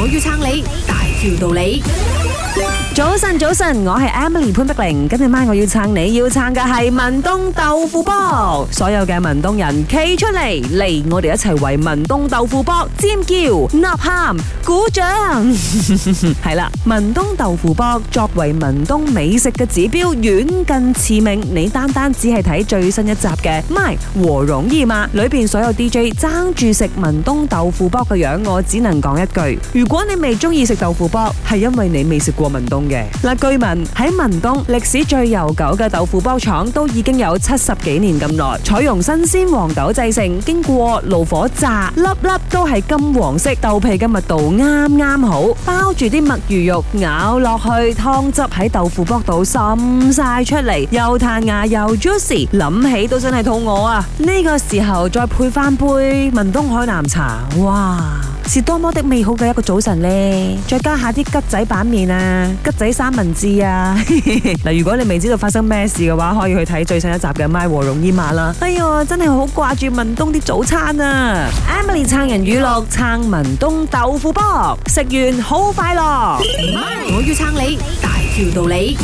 我要撐你，大條道理。早晨，早晨，我係 Emily 潘碧玲，今日 MY 我要撐你要撐嘅係文冬豆腐卜，所有嘅文冬人企出嚟嚟，我哋一齊為文冬豆腐卜尖叫、吶喊、鼓掌。係 啦， 文冬豆腐卜作為文冬美食嘅指標，遠近馳名。你單單只係睇最新一集嘅麥和容易嘛，裏邊所有 DJ 爭住食文冬豆腐卜嘅樣，我只能講一句：如果你未中意食豆腐卜，係因為你未食過文冬。嗱，據聞喺文冬歷史最悠久嘅豆腐卜廠都已經有七十幾年咁耐，採用新鮮黃豆製成，經過爐火炸，粒粒都係金黃色，豆皮嘅密度啱啱好，包住啲墨魚肉，咬落去湯汁喺豆腐卜度滲晒出嚟，又彈牙又 juicy，諗起都真係肚餓啊！呢、這個時候再配翻杯文冬海南茶，哇！是多麼的美好嘅一個早晨呢。再加下啲桔仔版面啊，桔仔三文治啊。嗱， 如果你未知道發生咩事嘅話，可以去睇最新一集嘅《MY 和容姨媽》啦。哎呀，真係好掛住文冬啲早餐啊！Emily 撐人娛樂、嗯、撐文冬豆腐卜，食完好快樂、嗯。我要撐你，大條道理。